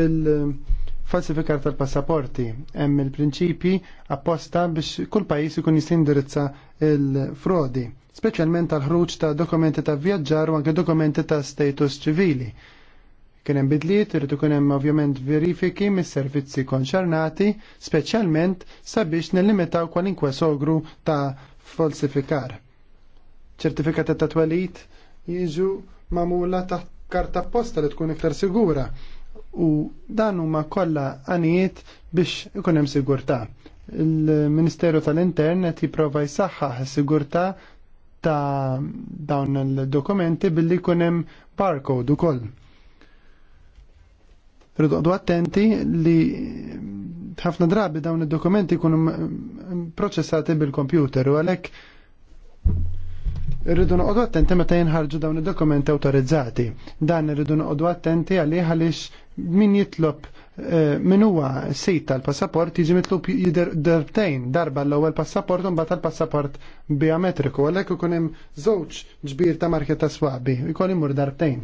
il-falsifikar tal-passaporti. Hemm il-prinċipi apposta biex kull pajjiż ikun jisindirizza il-frodi speċjalment għal ħruġ ta' dokumenti ta' vjaġġar u anke dokumenti ta' status ċivili. Kien hemm bidliet irid ikun hemm ovvjament verifiki mis-servizzi konċernati, speċjalment sabiex nillimitaw kwalinkwe sogru ta' falsifikar. Ċertifikati ta' twelid jiġu magħmula ta' karta posta li tkun iktar sigura u dan huma kollha għanijiet biex ikun hemm sigurtà. Il-Ministeru tal-Intern qed jipprova jsaħħaħ sigurtà ta' dawn il-dokumenti billi kunem barcode u koll. Ridoqdu attenti li ħafna drabi dawn il-dokumenti kunu proċessati bil-kompjuter u għalek rridu noqogħdu attenti meta jinħarġu dawn id-dokumenti awtorizzati. Dan irridu noqogħdu attenti għalli għaliex min jitlob Eh, min huwa sit tal-passaport jiġi mitlub jider darbtejn darba l-ewwel passaport u mbagħad tal-passaport biometriku għalhekk ikun hemm żewġ ġbir ta' marka ta' swabi jkun imur darbtejn.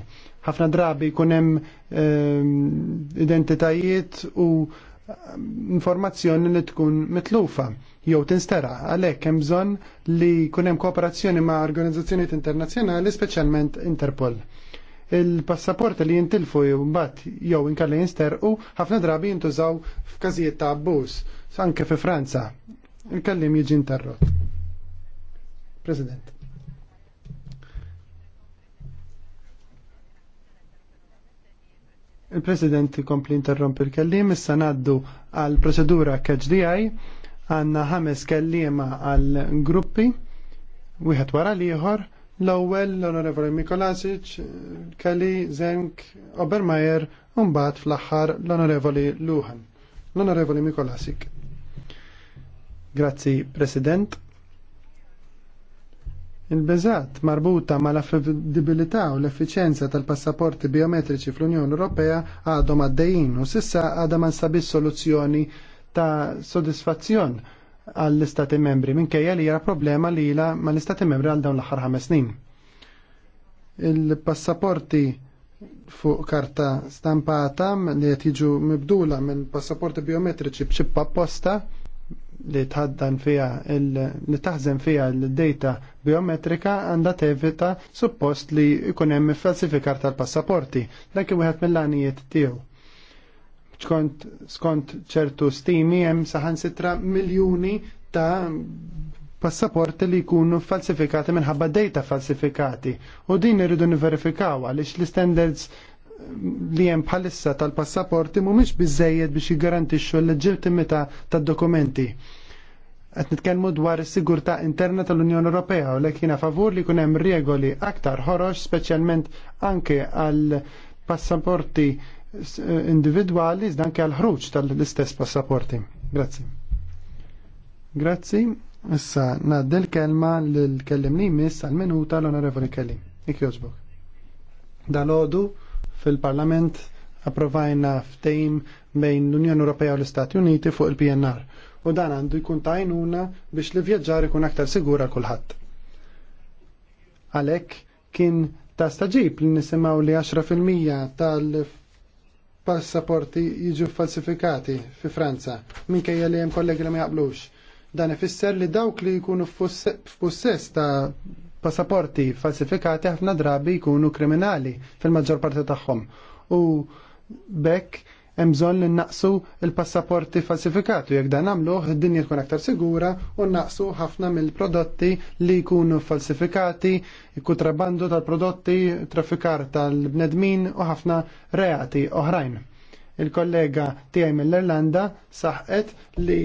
Ħafna drabi jkun hemm ehm, identitajiet u ehm, informazzjoni li tkun mitlufa jew tinstera għalhekk hemm bżonn li jkun hemm kooperazzjoni ma' organizzazzjonijiet internazzjonali speċjalment Interpol il-passaporti li jintilfu mbagħad jew jinster jinsterqu ħafna drabi jintużaw f'każijiet ta' abbuż anke fi Franza. Il-kellim jiġi interrot. President. Il-President kompli interrompi il-kellim, issa naddu għal procedura KHDI, għanna ħames kellima għal gruppi, wieħed wara liħor, L-ewwel l-Onorevoli Mikolasic, Kelly, Zenk, Obermajer, u mbagħad fl-aħħar l-Onorevoli Luhan. L-Onorevoli Mikolasic. Grazzi, President. Il-beżat marbuta ma' l affidibilità u l-effiċenza tal-passaporti biometriċi fl-Unjoni Ewropea għadhom għaddejjin u sissa għadha ma nstabis soluzzjoni ta' sodisfazzjon għall-istati membri minkejja li jara problema li jila ma l-istati membri għal dawn l-aħħar ħames snin. Il-passaporti fuq karta stampata li qed jiġu mibdula minn passaporti biometriċi b'ċippa apposta li tħaddan fija li taħżen fija l-data biometrika għandha tevita suppost li jkun hemm falsifikar tal-passaporti. Dak wieħed mill-għanijiet tiegħu skont, skont ċertu stimi hemm saħansitra miljuni ta' passaporti li jkunu falsifikati minħabba data falsifikati. U din irridu niverifikaw għaliex l-standards li hemm bħalissa tal-passaporti mhumiex biżejjed biex jiggarantixxu l-leġittimità tad-dokumenti. Qed nitkellmu dwar is-sigurtà interna tal-Unjoni Ewropea u lek favur li jkun hemm regoli aktar ħorox speċjalment anke għal passaporti individwali iżda anke għal ħruġ tal-istess passaporti. Grazzi. Grazzi. Issa ngħaddi l-kelma l-kellimni miss għal-minuta l-Onorevoli Kelly. Ikjożbok. Dal-ħodu fil-Parlament approvajna ftejm bejn l-Unjoni Ewropea u l-Istati Uniti fuq il-PNR. U dan għandu jkun tajnuna biex li vjaġġar ikun aktar sigura kulħadd. Għalhekk kien ta' staġib li nisimgħu li 10% tal passaporti jiġu falsifikati fi Franza, minkejja li hemm kollegi li ma jaqblux. Dan ifisser li dawk li jkunu f'possess ta' passaporti falsifikati ħafna drabi jkunu kriminali fil-maġġor parti tagħhom. U bekk emżon bżonn li naqsu l-passaporti falsifikatu. Jekk dan għamlu, id-dinja tkun aktar sigura u naqsu ħafna mill-prodotti li jkunu falsifikati, kutrabandu tal-prodotti, trafikar tal-bnedmin u ħafna reati oħrajn. Il-kollega tiegħi mill-Irlanda saħqet li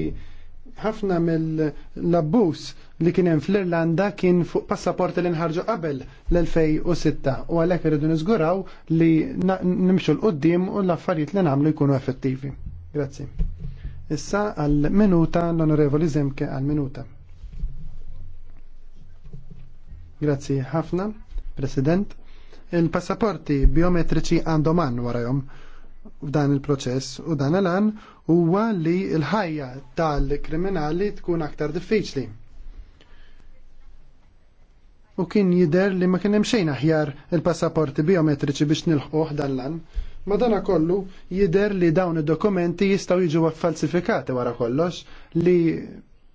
ħafna mill labbus li kien hemm fl-Irlanda kien fuq passaporti li nħarġu qabel l-2006 u għalhekk irridu niżguraw li nimxu l-qudiem u l-affarijiet li nagħmlu jkunu effettivi. Grazzi. Issa għal minuta l-Onorevoli Zemke għal minuta. Grazzi ħafna, President. Il-passaporti biometriċi għandhom għan warajom f'dan il-proċess u dan l-għan huwa li l-ħajja tal-kriminali tkun aktar diffiċli u kien jider li ma kien hemm xejn aħjar il-passaporti biometriċi biex nilħuħ dan-lan. Madana kollu jider li dawn id-dokumenti jistgħu jiġu falsifikati wara kollox li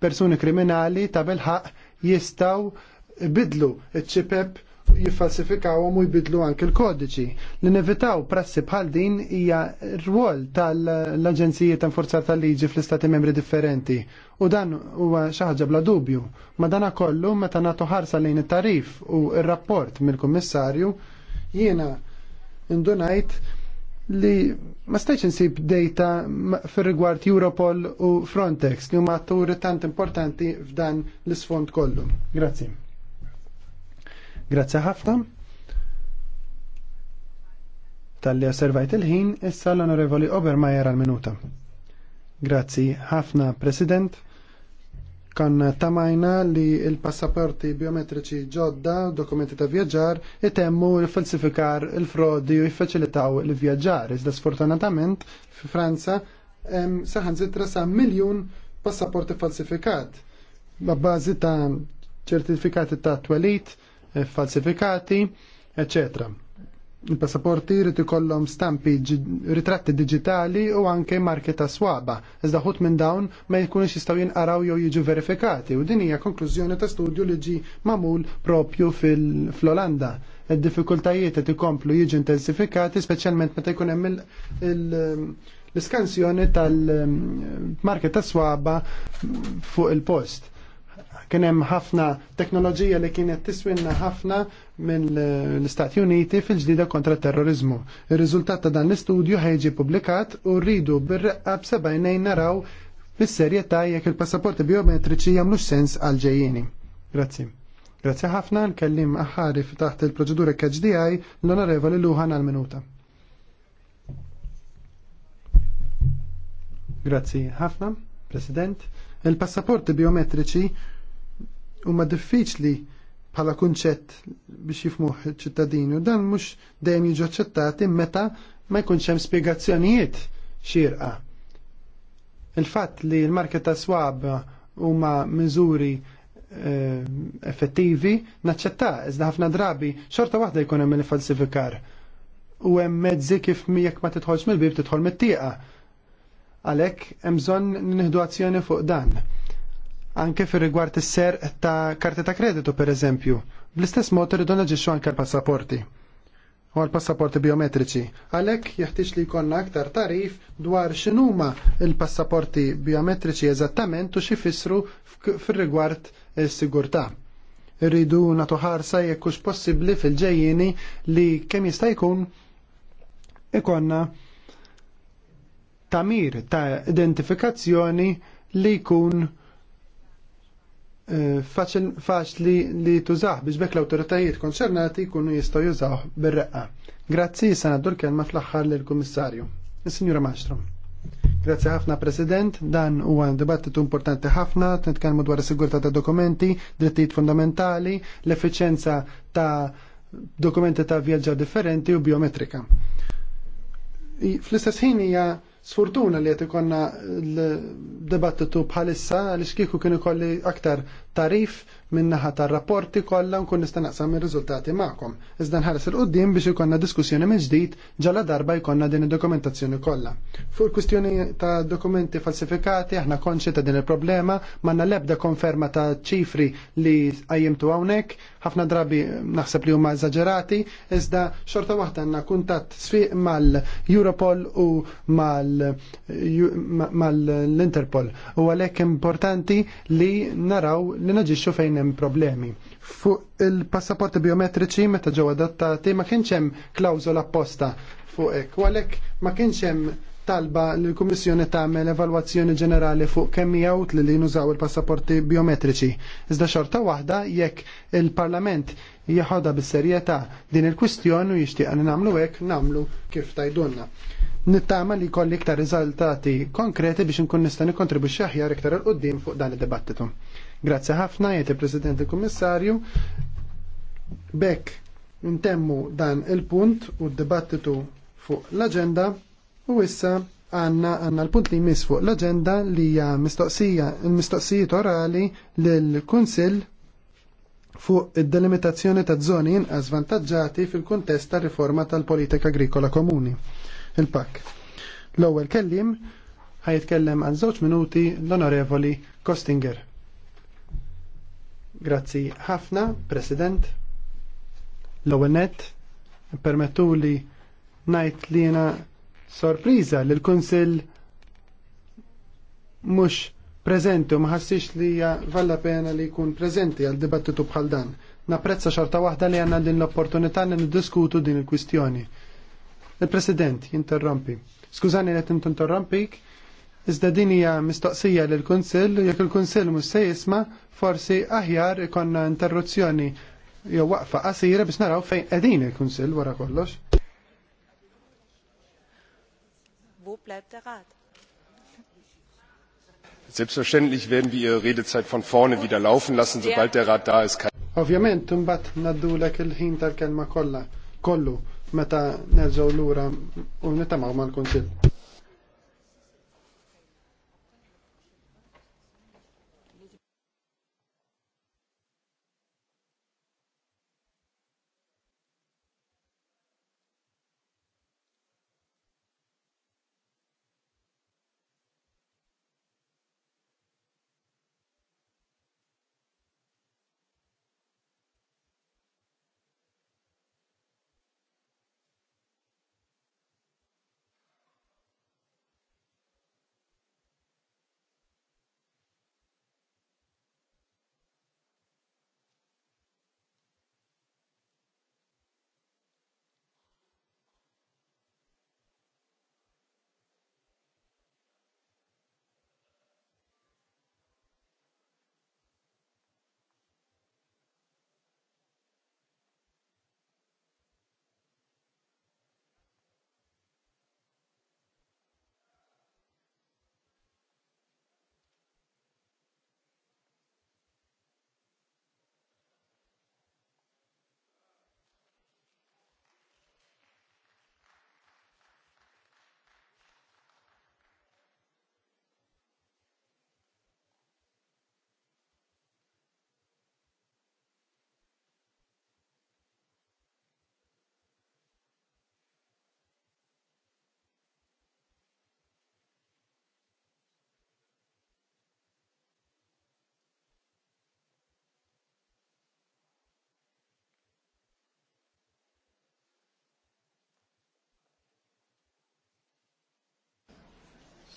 persuni kriminali ta' belħaq jistgħu bidlu ċ-ċipep jifalsifikaw u jbidlu anke l-kodiċi. Li nevitaw prassi bħal din hija r-rwol tal-Aġenziji ta' Forza tal-Liġi fl-Istati membri differenti. U dan huwa xi ħaġa bla dubju. Ma dana kollu meta nagħtu ħarsa lejn it-tarif u r-rapport mill-Kummissarju jiena indunajt li ma stajċ nsib data fir rigward Europol u Frontex li huma atturi tant importanti f'dan l-isfond kollu. Grazzi. Grazzi ħafna. Talli osservajt il-ħin, issa l-Onorevoli Obermajer għal-minuta. Grazzi ħafna, President. Kan tamajna li il-passaporti biometriċi ġodda, dokumenti ta' vjaġġar, itemmu il-falsifikar il-frodi u jiffaċilitaw il-vjaġġar. Iżda sfortunatament, fi Franza, saħan zitra sa' miljon passaporti falsifikat. bazi ta' ċertifikati ta' twelit, Eh, falsifikati, ecc. Il-passaporti jrid ikollhom stampi ritratti digitali u anke marki ta' swaba. Iżda ħut minn dawn ma jkunux jistgħu jinqaraw jew jiġu verifikati u din hija konklużjoni ta' studju li ġi magħmul propju fil-Olanda. Id-diffikultajiet qed ikomplu jiġu intensifikati speċjalment meta jkun hemm l-iskansjoni tal-marki ta' swaba fuq il-post Kien hemm ħafna teknoloġija li kienet tiswilna ħafna mill-Istati Uniti fil-ġdida kontra terrorizmu. Ir-riżultat ta' dan l-istudju ħejġi publikat u rridu bir-reqqa b'sebajnejn naraw fis serjetà jekk il-passaporti biometriċi jagħmlux sens għal ġejjieni. Grazzi. Grazzi ħafna nkellim aħħari taħt il-proċedura KHDI l-Onorevoli Luħan għal-minuta. Grazzi ħafna, President. Il-passaporti biometriċi ma diffiċli bħala kunċett biex jifmuħ ċittadini u dan mhux dejjem jiġu aċċettati meta ma jkunx hemm spjegazzjonijiet xirqa. Il-fatt li l-market ta' swab huma miżuri eh, effettivi naċċetta iżda ħafna drabi xorta waħda jkun hemm il-falsifikar. U hemm mezzi kif jekk ma titħolx mill-bib tidħol mit-tieqa. Għalhekk hemm bżonn nieħdu azzjoni fuq dan anke fir rigward is-ser ta' karti ta' kreditu per eżempju. Bl-istess mod irridu naġixxu anke l-passaporti u l-passaporti biometriċi. Għalhekk jeħtieġ li jkollna aktar tarif dwar x'inhuma l-passaporti biometriċi eżattament u x'ifissru fir-rigward is-sigurtà. Irridu nagħtu ħarsa jekk hux possibbli fil-ġejjieni li kemm jista' jkun ikonna tamir ta' identifikazzjoni li jkun faċli li tużaħ biex bekk l-autoritajiet konċernati jkunu jistgħu jużaw bir-reqqa. Grazzi Sanadur naddu ma fl-aħħar lill-Kummissarju. Is-Sinjura Maċtrom. Grazzi ħafna President, dan huwa dibattitu importanti ħafna, nitkellmu dwar is-sigurtà ta' dokumenti, drittijiet fundamentali, l efficienza ta' dokumenti ta' vjaġġa differenti u biometrika. Fl-istess ħin hija Sfortuna li qed ikonna l-dibattitu bħalissa għaliex kieku kienu kolli aktar tarif minnaħa tar-rapporti kollha nkun nista' naqsam ir-riżultati magħkom. Iżda nħares il qudiem biex ikonna diskussjoni minn ġdid ġala darba jkollna din id-dokumentazzjoni kollha. Fuq il-kwistjoni ta' dokumenti falsifikati aħna konxi ta' din il-problema manna l-ebda konferma ta' ċifri li qajjimtu hawnhekk, ħafna drabi naħseb li huma eżaġerati, iżda xorta waħda għandna kuntatt sfiq mal-Europol u mal-Interpol. U għalhekk importanti li naraw li naġixxu fejn hemm problemi. Fuq il-passaporti biometriċi meta ġew adattati ma kienx hemm klawżola apposta fuq hekk, u għalhekk ma kienx hemm talba li l-Kummissjoni tagħmel evalwazzjoni ġenerali fuq kemm jgħut li nużaw il-passaporti biometriċi. Iżda xorta waħda jekk il-Parlament jaħodha bis-serjetà din il-kwistjoni u jixtieq nagħmlu hekk nagħmlu kif tajdunna. Nittama li kolli iktar riżultati konkreti biex nkun nista' nikkontribwixxi aħjar iktar il-qudiem fuq dan id-dibattitu. Grazzi ħafna, jete President il-Kommissarju. Bek, intemmu dan il-punt u d-dibattitu fuq l-agenda u issa għanna għanna l-punt li jmiss fuq l-agenda li hija mistoqsija, il-mistoqsijiet orali l-Kunsill fuq id-delimitazzjoni ta' zoni inqas vantaġġati fil-kuntest ta' riforma tal-politika agrikola komuni, il-PAK. L-ewwel kellim ħajtkellem għal żewġ minuti l-Onorevoli Kostinger. Grazzi ħafna, President. L-ewwel nett permettuli ngħid li jiena sorpriża li l-Kunsill mhux preżenti u ma ħassix li hija valla pena li jkun preżenti għal dibattitu bħal dan. Napprezza xorta waħda li għandna din l-opportunità li niddiskutu din il-kwistjoni. Il-President jinterrompi. Skużani li qed interrompik, Iżda din hija mistoqsija lil kunsill jekk il-Kunsill mhux se jisma' forsi aħjar ikonna interruzzjoni jew waqfa qasira biex naraw fejn qegħdin il-Kunsill wara kollox. Selbstverständlich werden wir Ihre Redezeit von vorne wieder laufen lassen, sobald der Rat da ist. Ovvjament, imbagħad naddulek il-ħin tal-kelma kollha kollu meta l lura u nitamaw mal-Kunsill.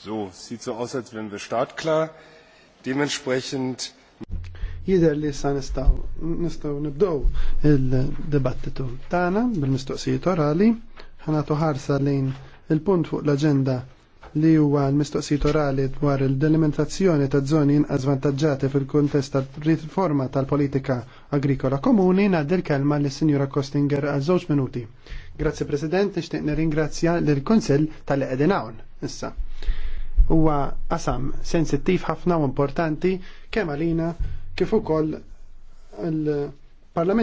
So, sieht so aus, als wären wir startklar. Dementsprechend. Jider li sa nistaw, nistaw nibdow il debattitu tana bil-mistoqsijiet orali, ħanatu ħarsa lejn il-punt fuq l-agenda li huwa l-mistoqsijiet orali dwar il-delimentazzjoni ta' zoni inqas fil-kuntest tal-riforma tal-politika agrikola komuni ngħaddi l-kelma lis sinjura Kostinger għal żewġ minuti. Grazie President, nixtieq nirringrazzja lill konsell tal edenawn issa huwa qasam sensittiv ħafna u importanti kemm għalina kif ukoll il-Parlament